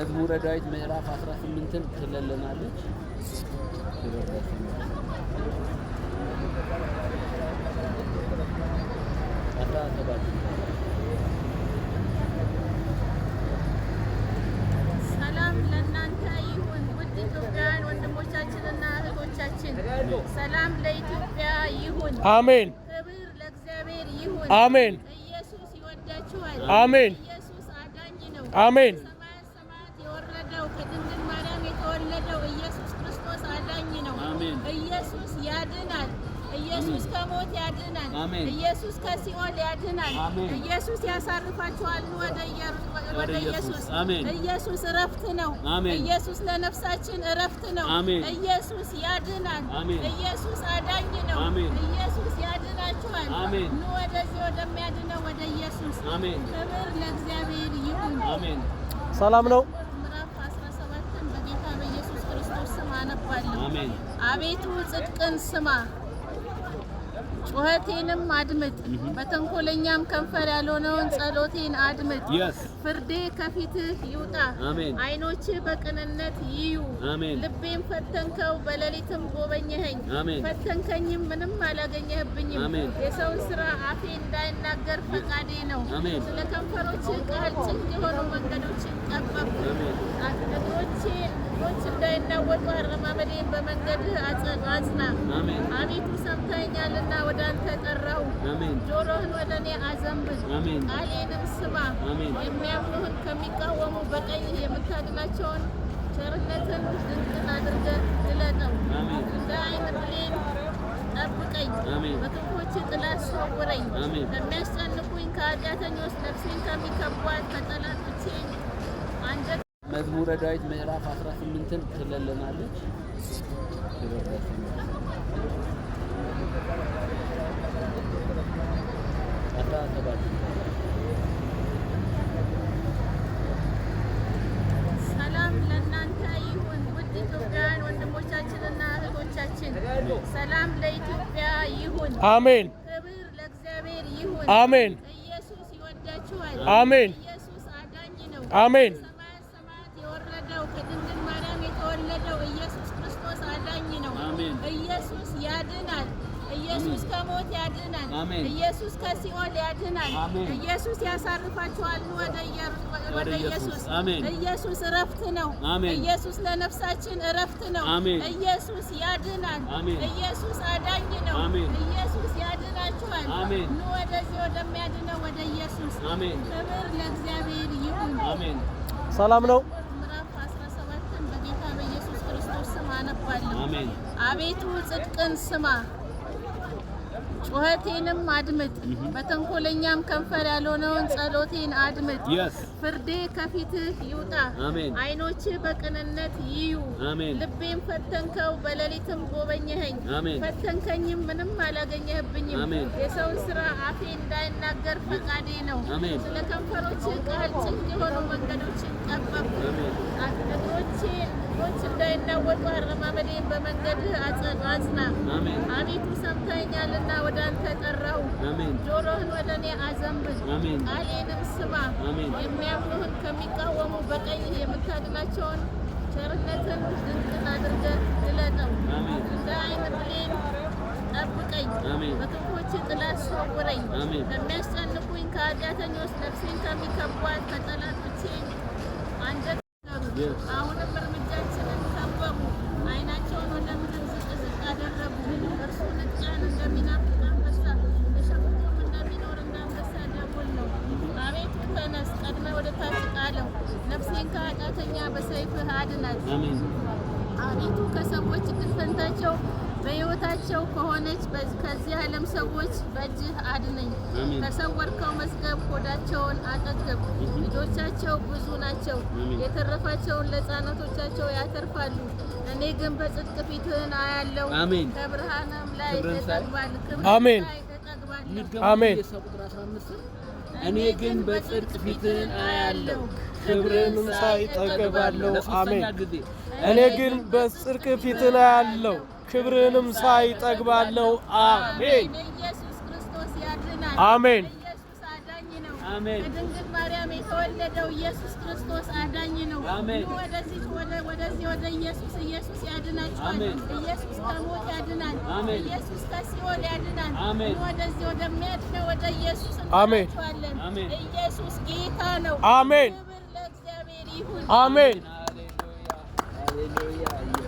መዝሙረ ዳዊት ምዕራፍ 18ን ትለልናለች። ሰላም ለእናንተ ይሁን ውድ ኢትዮጵያውያን ወንድሞቻችንና እህቶቻችን፣ ሰላም ለኢትዮጵያ ይሁን። አሜን። ክብር ለእግዚአብሔር ይሁን። አሜን። ኢየሱስ ይወዳችኋል። አሜን። ኢየሱስ አዳኝ ነው። አሜን። ኢየሱስ ያድናል። ኢየሱስ ከሞት ያድናል። ኢየሱስ ከሲኦል ያድናል። ኢየሱስ ያሳርፋችኋል ወደ ኢየሱስ። ኢየሱስ እረፍት ነው። ኢየሱስ ለነፍሳችን እረፍት ነው። ኢየሱስ ያድናል። ኢየሱስ አዳኝ ነው። ኢየሱስ ያድናችኋል። ኑ ወደዚህ ወደሚያድነው ወደ ኢየሱስ። ክብር ለእግዚአብሔር ይሁን። ሰላም ነው። አነባለሁ። አቤቱ ጽድቅን ስማ ጩኸቴንም አድምጥ። በተንኮለኛም ከንፈር ያልሆነውን ጸሎቴን አድምጥ። ፍርዴ ከፊትህ ይውጣ፣ ዓይኖችህ በቅንነት ይዩ። ልቤም ፈተንከው፣ በሌሊትም ጎበኘኸኝ። ፈተንከኝም ምንም አላገኘህብኝም። የሰውን ስራ አፌ እንዳይናገር ፈቃዴ ነው። ስለ ከንፈሮችህ ቃል ጭንቅ የሆኑ መንገዶችን ጠበብኩ። በጎ አረማመዴን በመንገድህ አጽና። አቤቱ ሰምተኸኛልና ወደ አንተ ጠራሁ። ጆሮህን ወደ እኔ አዘንብል፣ ቃሌንም ስማ። የሚያምኑህን ከሚቃወሙ በቀኝህ የምታድናቸውን ቸርነትን ድንቅን አድርገህ ግለጠው። እንደ ዓይን ብሌን ጠብቀኝ፣ በክንፎች ጥላ ሰውረኝ። ከሚያስጨንቁኝ ከኃጢአተኞች ነፍሴን ከሚከቧት ከጠላቶቼ መዝሙረ ዳዊት ምዕራፍ 18ን ትለልናለች። ሰላም ለእናንተ ይሁን ውድ ኢትዮጵያውያን ወንድሞቻችንና እህቶቻችን፣ ሰላም ለኢትዮጵያ ይሁን። አሜን። ክብር ለእግዚአብሔር ይሁን። አሜን። ኢየሱስ ይወዳችኋል። አሜን። ኢየሱስ አዳኝ ነው። አሜን። ኢየሱስ ያድናል። ኢየሱስ ከሞት ያድናል። ኢየሱስ ከሲኦል ያድናል። ኢየሱስ ያሳርፋችኋል ወደ ኢየሱስ። ኢየሱስ እረፍት ነው። ኢየሱስ ለነፍሳችን እረፍት ነው። ኢየሱስ ያድናል። ኢየሱስ አዳኝ ነው። ኢየሱስ ያድናችኋል። ኑ ወደዚህ ወደሚያድነው ወደ ኢየሱስ። ክብር ለእግዚአብሔር ይሁን። ሰላም ነው። አቤቱ ጽድቅን ስማ ጩኸቴንም አድምጥ። በተንኮለኛም ከንፈር ያልሆነውን ጸሎቴን አድምጥ። ፍርዴ ከፊትህ ይውጣ፣ ዓይኖችህ በቅንነት ይዩ። ልቤም ፈተንከው፣ በሌሊትም ጎበኘኸኝ። ፈተንከኝም ምንም አላገኘህብኝም። የሰውን ስራ አፌ እንዳይናገር ፈቃዴ ነው። ስለ ከንፈሮች ቃል ጭንቅ የሆኑ መንገዶችን ጠበቁ። እግሮቼ እግሮች እንዳይናወጡ አረማመዴን በመንገድህ አጽና። አቤቱ ሰምተኸኛልና ወደ አንተ ጠራሁ። ጆሮህን ወደ እኔ አዘንብል፣ ቃሌንም ስማ። የሚያምኑህን ከሚቃወሙ በቀኝህ የምታድናቸውን ቸርነትን ድንቅን አድርገህ ግለጠው። እንደ ዓይን ብሌን ጠብቀኝ፣ በክንፎች ጥላ ሰውረኝ። ከሚያስጨንቁኝ ከኃጢአተኞች ነፍሴን ከሚከቧት ከጠላቶቼ አሁንም እርምጃችንን ከበቡ፣ አይናቸውን ወደ ምድር ዝቅ ዝቅ አደረጉ። እርሱ ንጥቂያን እንደሚናፍቅ አንበሳ፣ ተሸክሞም እንደሚኖር እንደ አንበሳ ደቦል ነው። አቤቱ ተነስ፣ ቀድመ ወደ ታች ጣለው፣ ነፍሴን ከኃጢአተኛ በሰይፍህ አድናት። አቤቱ ከሰዎች እድል ፈንታቸው ሕይወታቸው ከሆነች ከዚህ ዓለም ሰዎች በእጅህ አድነኝ። ከሰወርከው መዝገብ ሆዳቸውን አጠገብ። ልጆቻቸው ብዙ ናቸው፣ የተረፋቸውን ለሕፃናቶቻቸው ያተርፋሉ። እኔ ግን በጽድቅ ፊትህን አያለው፣ ከብርሃንም ላይ ተጠግባል። አሜን አሜን። እኔ ግን በጽድቅ ፊትህን አያለው ክብርንም ሳይ እጠግባለሁ። አሜን። እኔ ግን በጽድቅ ፊትህን አያለው ክብርንም ሳይ ጠግባለሁ። አሜን። ኢየሱስ ክርስቶስ ያድናል። አሜን። ኢየሱስ አዳኝ ነው። አሜን። ከድንግል ማርያም የተወለደው ኢየሱስ ክርስቶስ አዳኝ ነው። አሜን። ወደዚህ ወደ ኢየሱስ ኢየሱስ ያድናችኋል። ኢየሱስ ከሞት ያድናል። አሜን። ኢየሱስ ከሲኦል ያድናል። አሜን። ወደዚህ ወደሚያድነው ወደ ኢየሱስ እንላችኋለን። አሜን። ኢየሱስ ጌታ ነው። አሜን። ክብር ለእግዚአብሔር ይሁን። አሜን። ሃሌሉያ ሃሌሉያ